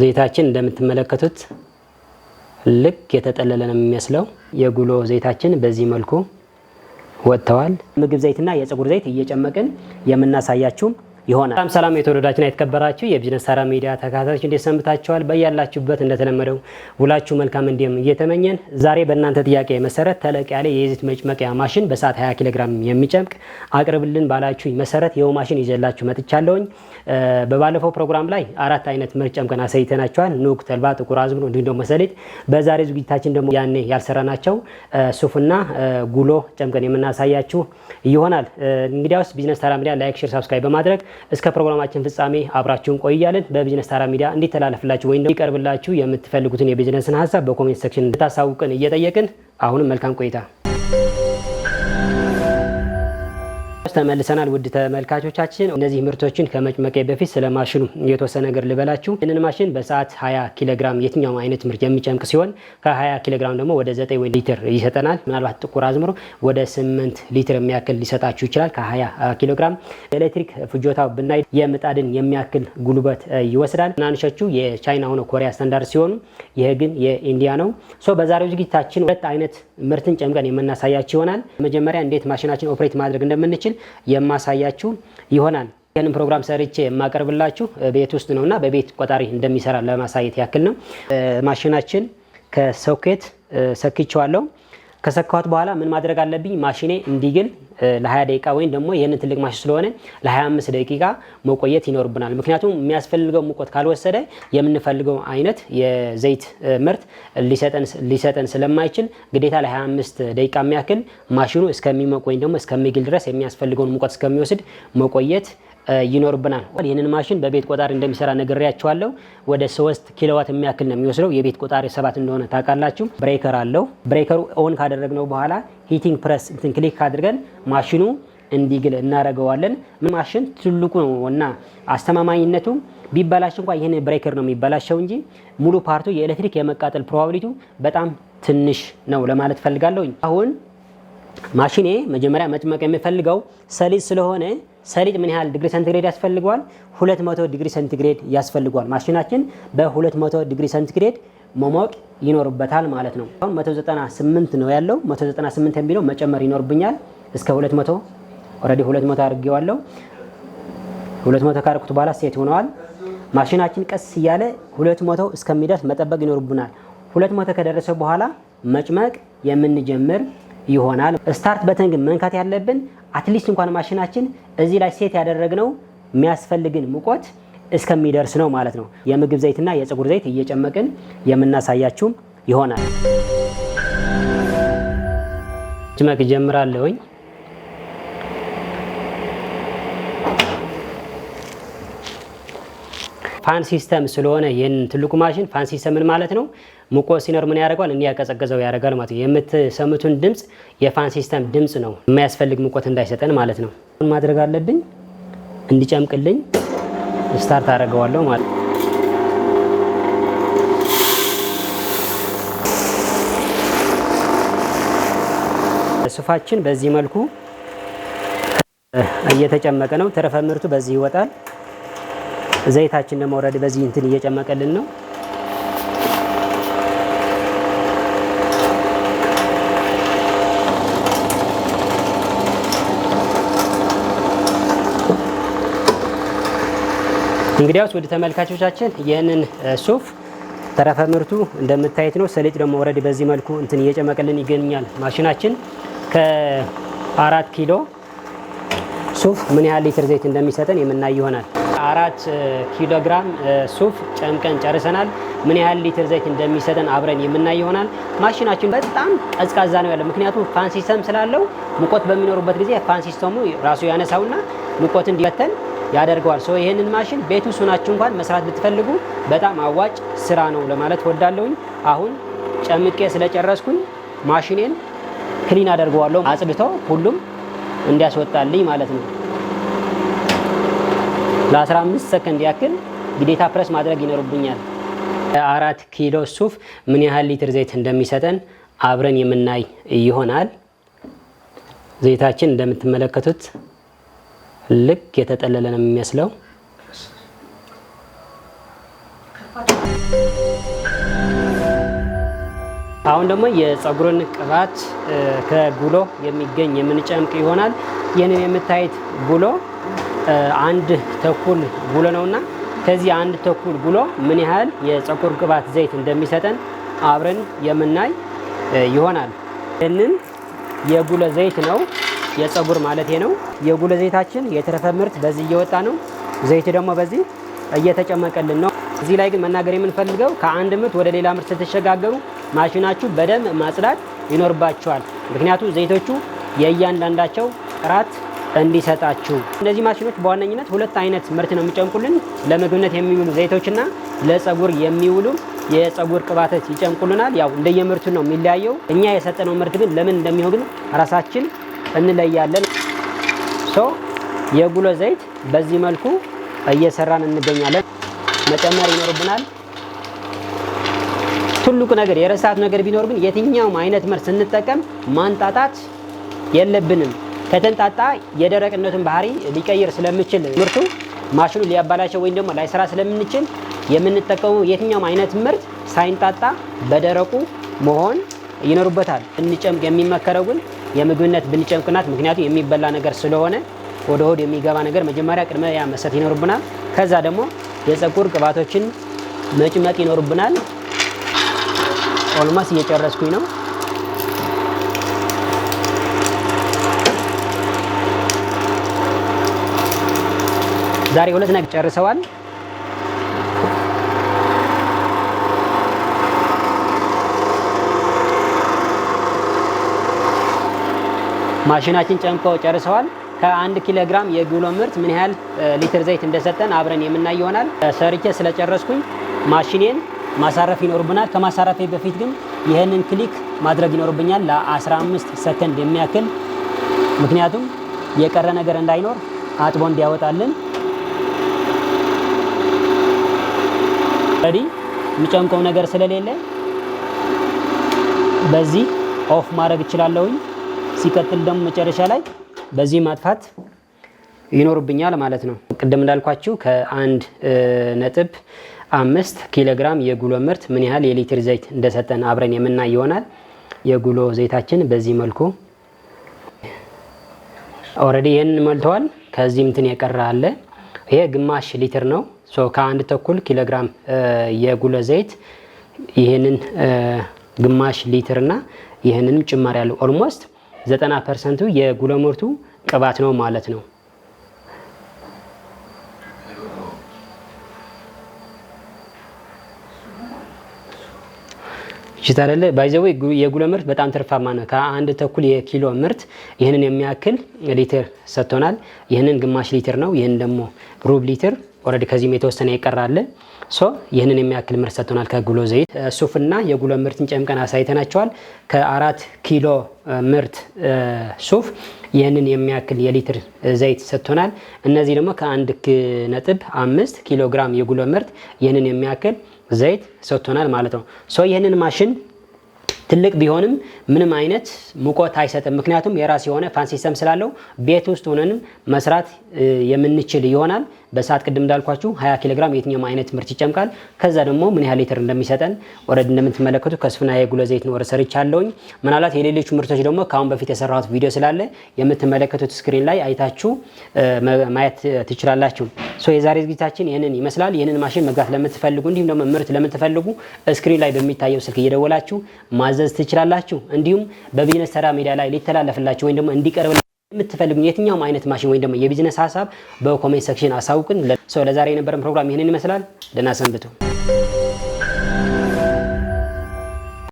ዘይታችን እንደምትመለከቱት ልክ የተጠለለ ነው የሚመስለው። የጉሎ ዘይታችን በዚህ መልኩ ወጥተዋል። ምግብ ዘይትና የፀጉር ዘይት እየጨመቅን የምናሳያችሁም ይሆናል። ሰላም ሰላም፣ የተወደዳችሁና የተከበራችሁ የቢዝነስ ሳራ ሚዲያ ተከታታዮች እንዴት ሰንብታችኋል? በያላችሁበት እንደተለመደው ውላችሁ መልካም እንዲም እየተመኘን ዛሬ በእናንተ ጥያቄ መሰረት ተለቅ ያለ የዘይት መጭመቂያ ማሽን በሰዓት 20 ኪሎ ግራም የሚጨምቅ አቅርብልን ባላችሁኝ መሰረት ይኸው ማሽን ይዤላችሁ መጥቻለሁኝ። በባለፈው ፕሮግራም ላይ አራት አይነት ምርት ጨምቀን አሳይተናችኋል። ኑግ፣ ተልባ፣ ጥቁር አዝሙድ እንዲሁም ደግሞ ሰሊጥ። በዛሬ ዝግጅታችን ደግሞ ያኔ ያልሰራናቸው ሱፍና ጉሎ ጨምቀን የምናሳያችሁ ይሆናል። እንግዲያውስ ቢዝነስ ታራ ሚዲያ ላይክ፣ ሼር፣ ሰብስክራይብ በማድረግ እስከ ፕሮግራማችን ፍጻሜ አብራችሁን ቆያለን። በቢዝነስ ታራ ሚዲያ እንዲተላለፍላችሁ ወይም ደግሞ የምትፈልጉትን የቢዝነስን ሀሳብ በኮሜንት ሴክሽን እንድታሳውቅን እየጠየቅን አሁንም መልካም ቆይታ ተመልሰናል ውድ ተመልካቾቻችን። እነዚህ ምርቶችን ከመጭመቄ በፊት ስለ ማሽኑ የተወሰነ ነገር ልበላችሁ። ይህንን ማሽን በሰዓት 20 ኪሎ ግራም የትኛውም አይነት ምርት የሚጨምቅ ሲሆን ከ20 ኪሎ ግራም ደግሞ ወደ 9 ሊትር ይሰጠናል። ምናልባት ጥቁር አዝምሮ ወደ 8 ሊትር የሚያክል ሊሰጣችሁ ይችላል። ከ20 ኪሎ ግራም ኤሌክትሪክ ፍጆታው ብናይ የምጣድን የሚያክል ጉልበት ይወስዳል። ትናንሾቹ የቻይና ሆነ ኮሪያ ስታንዳርድ ሲሆኑ ይህ ግን የኢንዲያ ነው። በዛሬው ዝግጅታችን ሁለት አይነት ምርትን ጨምቀን የምናሳያችሁ ይሆናል። መጀመሪያ እንዴት ማሽናችን ኦፕሬት ማድረግ እንደምንችል የማሳያችሁ ይሆናል። ይህንን ፕሮግራም ሰርቼ የማቀርብላችሁ ቤት ውስጥ ነው እና በቤት ቆጣሪ እንደሚሰራ ለማሳየት ያክል ነው። ማሽናችን ከሶኬት ሰክቸዋለሁ። ከሰካሁት በኋላ ምን ማድረግ አለብኝ? ማሽኔ እንዲግል ለ20 ደቂቃ ወይም ደግሞ ይህንን ትልቅ ማሽን ስለሆነ ለ25 ደቂቃ መቆየት ይኖርብናል። ምክንያቱም የሚያስፈልገው ሙቀት ካልወሰደ የምንፈልገው አይነት የዘይት ምርት ሊሰጠን ስለማይችል ግዴታ ለ25 ደቂቃ የሚያክል ማሽኑ እስከሚሞቅ ወይም ደግሞ እስከሚግል ድረስ የሚያስፈልገውን ሙቀት እስከሚወስድ መቆየት ይኖርብናል። ይህንን ማሽን በቤት ቆጣሪ እንደሚሰራ ነግሬያቸዋለሁ። ወደ ሶስት ኪሎዋት የሚያክል ነው የሚወስደው። የቤት ቆጣሪ ሰባት እንደሆነ ታውቃላችሁ። ብሬከር አለው። ብሬከሩ ኦን ካደረግነው በኋላ ሂቲንግ ፕረስ እንትን ክሊክ ካድርገን ማሽኑ እንዲግል እናደርገዋለን። ምን ማሽን ትልቁ ነው እና አስተማማኝነቱ ቢበላሽ እንኳ ይህን ብሬከር ነው የሚበላሸው እንጂ ሙሉ ፓርቱ የኤሌክትሪክ የመቃጠል ፕሮባብሊቱ በጣም ትንሽ ነው ለማለት ፈልጋለሁ። አሁን ማሽኔ መጀመሪያ መጭመቅ የሚፈልገው ሰሊጥ ስለሆነ ሰሊጥ ምን ያህል ዲግሪ ሰንቲግሬድ ያስፈልገዋል? 200 ዲግሪ ሰንቲግሬድ ያስፈልገዋል። ማሽናችን በ200 ዲግሪ ሰንቲግሬድ መሞቅ ይኖርበታል ማለት ነው። አሁን 198 ነው ያለው። 198 የሚለው መጨመር ይኖርብኛል እስከ 200 ኦልሬዲ 200 አድርጌዋለሁ። 200 ካርኩት በኋላ ሴት ሆነዋል። ማሽናችን ቀስ እያለ 200 እስከሚደርስ መጠበቅ ይኖርብናል። 200 ከደረሰ በኋላ መጭመቅ የምንጀምር ይሆናል። ስታርት በተን ግን መንካት ያለብን አትሊስት እንኳን ማሽናችን እዚህ ላይ ሴት ያደረግነው የሚያስፈልግን ሙቆት እስከሚደርስ ነው ማለት ነው። የምግብ ዘይትና የፀጉር ዘይት እየጨመቅን የምናሳያችሁም ይሆናል። ጭመቅ ጀምራለሁኝ። ፋን ሲስተም ስለሆነ ይህን ትልቁ ማሽን ፋን ሲስተምን ማለት ነው? ሲነር ምን ያደርገዋል? እንዲያቀዘቅዘው ያደርጋል ማለት ነው። የምትሰምቱን ድምፅ የፋን ሲስተም ድምፅ ነው። የማያስፈልግ ሙቆት እንዳይሰጠን ማለት ነው። ማድረግ አለብኝ? እንዲጨምቅልኝ ስታርት አደርገዋለሁ ማለት ነው። ሱፋችን በዚህ መልኩ እየተጨመቀ ነው። ተረፈ ምርቱ በዚህ ይወጣል። ዘይታችን ለመውረድ በዚህ እንትን እየጨመቀልን ነው። እንግዲያውስ ወደ ተመልካቾቻችን ይህንን ሱፍ ተረፈ ምርቱ እንደምታየት ነው። ሰሊጥ ደግሞ ወረድ በዚህ መልኩ እንትን እየጨመቀልን ይገኛል። ማሽናችን ከአራት ኪሎ ሱፍ ምን ያህል ሊትር ዘይት እንደሚሰጠን የምናይ ይሆናል። አራት ኪሎ ግራም ሱፍ ጨምቀን ጨርሰናል። ምን ያህል ሊትር ዘይት እንደሚሰጠን አብረን የምናይ ይሆናል። ማሽናችን በጣም ቀዝቃዛ ነው ያለው፣ ምክንያቱም ፋን ሲስተም ስላለው ሙቆት በሚኖሩበት ጊዜ ፋን ሲስተሙ ራሱ ያነሳውና ሙቀት እንዲበተን ያደርገዋል። ሶ ይህንን ማሽን ቤቱ ሱናችሁ እንኳን መስራት ብትፈልጉ በጣም አዋጭ ስራ ነው ለማለት ወዳለሁኝ። አሁን ጨምቄ ስለጨረስኩኝ ማሽኔን ክሊን አደርገዋለሁ አጽድቶ ሁሉም እንዲያስወጣልኝ ማለት ነው። ለ15 ሰከንድ ያክል ግዴታ ፕረስ ማድረግ ይኖርብኛል። አራት ኪሎ ሱፍ ምን ያህል ሊትር ዘይት እንደሚሰጠን አብረን የምናይ ይሆናል። ዘይታችን እንደምትመለከቱት ልክ የተጠለለ ነው የሚመስለው። አሁን ደግሞ የፀጉርን ቅባት ከጉሎ የሚገኝ የምንጨምቅ ይሆናል። ይህንን የምታየት ጉሎ አንድ ተኩል ጉሎ ነውና ከዚህ አንድ ተኩል ጉሎ ምን ያህል የፀጉር ቅባት ዘይት እንደሚሰጠን አብረን የምናይ ይሆናል። ይህንን የጉሎ ዘይት ነው የፀጉር ማለት ነው። የጉሎ ዘይታችን የተረፈ ምርት በዚህ እየወጣ ነው። ዘይት ደግሞ በዚህ እየተጨመቀልን ነው። እዚህ ላይ ግን መናገር የምንፈልገው ከአንድ ምርት ወደ ሌላ ምርት ስትሸጋገሩ ማሽናችሁ በደንብ ማጽዳት ይኖርባቸዋል። ምክንያቱም ዘይቶቹ የእያንዳንዳቸው ጥራት እንዲሰጣችሁ። እነዚህ ማሽኖች በዋነኝነት ሁለት አይነት ምርት ነው የሚጨምቁልን። ለምግብነት የሚውሉ ዘይቶችና ለጸጉር የሚውሉ የጸጉር ቅባቶች ይጨምቁልናል። ያው እንደየምርቱ ነው የሚለያየው። እኛ የሰጠነው ምርት ግን ለምን እንደሚሆን ግን ራሳችን እንለያለን። ሶ የጉሎ ዘይት በዚህ መልኩ እየሰራን እንገኛለን። መጨመር ይኖርብናል። ትልቁ ነገር የረሳት ነገር ቢኖር ግን የትኛውም አይነት ምርት ስንጠቀም ማንጣጣት የለብንም። ከተንጣጣ የደረቅነቱን ባህሪ ሊቀይር ስለምችል ምርቱ ማሽኑ ሊያባላቸው ወይም ደግሞ ላይስራ ስለምንችል የምንጠቀመው የትኛውም አይነት ምርት ሳይንጣጣ በደረቁ መሆን ይኖሩበታል። እንጨምቅ የሚመከረው ግን የምግብነት ብንጨምቅናት፣ ምክንያቱም የሚበላ ነገር ስለሆነ ወደ ሆድ የሚገባ ነገር መጀመሪያ ቅድሚያ መስጠት ይኖርብናል። ከዛ ደግሞ የፀጉር ቅባቶችን መጭመቅ ይኖርብናል። ኦልማስ እየጨረስኩኝ ነው። ዛሬ ሁለት ነገር ጨርሰዋል። ማሽናችን ጨምቆ ጨርሰዋል። ከአንድ ኪሎ ግራም የጉሎ ምርት ምን ያህል ሊትር ዘይት እንደሰጠን አብረን የምናይ ይሆናል። ሰርቼ ስለጨረስኩኝ ማሽኔን ማሳረፍ ይኖርብናል። ከማሳረፌ በፊት ግን ይህንን ክሊክ ማድረግ ይኖርብኛል ለ15 ሰከንድ የሚያክል ምክንያቱም የቀረ ነገር እንዳይኖር አጥቦ እንዲያወጣልን ረዲ የሚጨምቀው ነገር ስለሌለ በዚህ ኦፍ ማድረግ እችላለሁኝ። ሲቀጥል ደግሞ መጨረሻ ላይ በዚህ ማጥፋት ይኖርብኛል ማለት ነው። ቅድም እንዳልኳችሁ ከአንድ ነጥብ አምስት ኪሎ ግራም የጉሎ ምርት ምን ያህል የሊትር ዘይት እንደሰጠን አብረን የምናይ ይሆናል። የጉሎ ዘይታችን በዚህ መልኩ ኦልሬዲ ይህን ሞልተዋል። ከዚህ እንትን የቀረ አለ። ይሄ ግማሽ ሊትር ነው። ከአንድ ተኩል ኪሎግራም የጉለ ዘይት ይህንን ግማሽ ሊትር እና ይህንንም ጭማሪ ያለው ኦልሞስት ዘጠና ፐርሰንቱ የጉለ ምርቱ ቅባት ነው ማለት ነው። ሽታለለ ባይዘው የጉለ ምርት በጣም ትርፋማ ነው። ከአንድ ተኩል የኪሎ ምርት ይህንን የሚያክል ሊትር ሰጥቶናል። ይህንን ግማሽ ሊትር ነው። ይህን ደግሞ ሩብ ሊትር ኦልሬዲ ከዚህም የተወሰነ ይቀራል። ሶ ይህንን የሚያክል ምርት ሰጥቶናል። ከጉሎ ዘይት ሱፍና የጉሎ ምርትን ጨምቀን አሳይተናቸዋል። ከአራት ኪሎ ምርት ሱፍ ይህንን የሚያክል የሊትር ዘይት ሰጥቶናል። እነዚህ ደግሞ ከአንድ ነጥብ አምስት ኪሎ ግራም የጉሎ ምርት ይህንን የሚያክል ዘይት ሰጥቶናል ማለት ነው። ሶ ይህንን ማሽን ትልቅ ቢሆንም ምንም አይነት ሙቀት አይሰጥም። ምክንያቱም የራስ የሆነ ፋን ሲስተም ስላለው ቤት ውስጥ ሆነንም መስራት የምንችል ይሆናል። በሰዓት ቅድም እንዳልኳችሁ 20 ኪሎ ግራም የትኛውም አይነት ምርት ይጨምቃል። ከዛ ደግሞ ምን ያህል ሊትር እንደሚሰጠን ወረድ እንደምትመለከቱ ከስፍና የጉሎ ዘይት ነው ሰርች ምናልባት የሌሎቹ ምርቶች ደግሞ ከአሁን በፊት የሰራሁት ቪዲዮ ስላለ የምትመለከቱት ስክሪን ላይ አይታችሁ ማየት ትችላላችሁ። ሶ የዛሬ ዝግጅታችን ይህንን ይመስላል። ይህንን ማሽን መግዛት ለምትፈልጉ እንዲሁም ደግሞ ምርት ለምትፈልጉ ስክሪን ላይ በሚታየው ስልክ እየደወላችሁ ማዘ ማዘዝ ትችላላችሁ። እንዲሁም በቢዝነስ ተራ ሜዳ ላይ ሊተላለፍላችሁ ወይም ደግሞ እንዲቀርብ የምትፈልጉ የትኛውም አይነት ማሽን ወይም ደግሞ የቢዝነስ ሀሳብ በኮሜንት ሰክሽን አሳውቅን። ለዛሬ የነበረን ፕሮግራም ይህንን ይመስላል። ደህና ሰንብቱ።